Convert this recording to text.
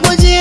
Todo dia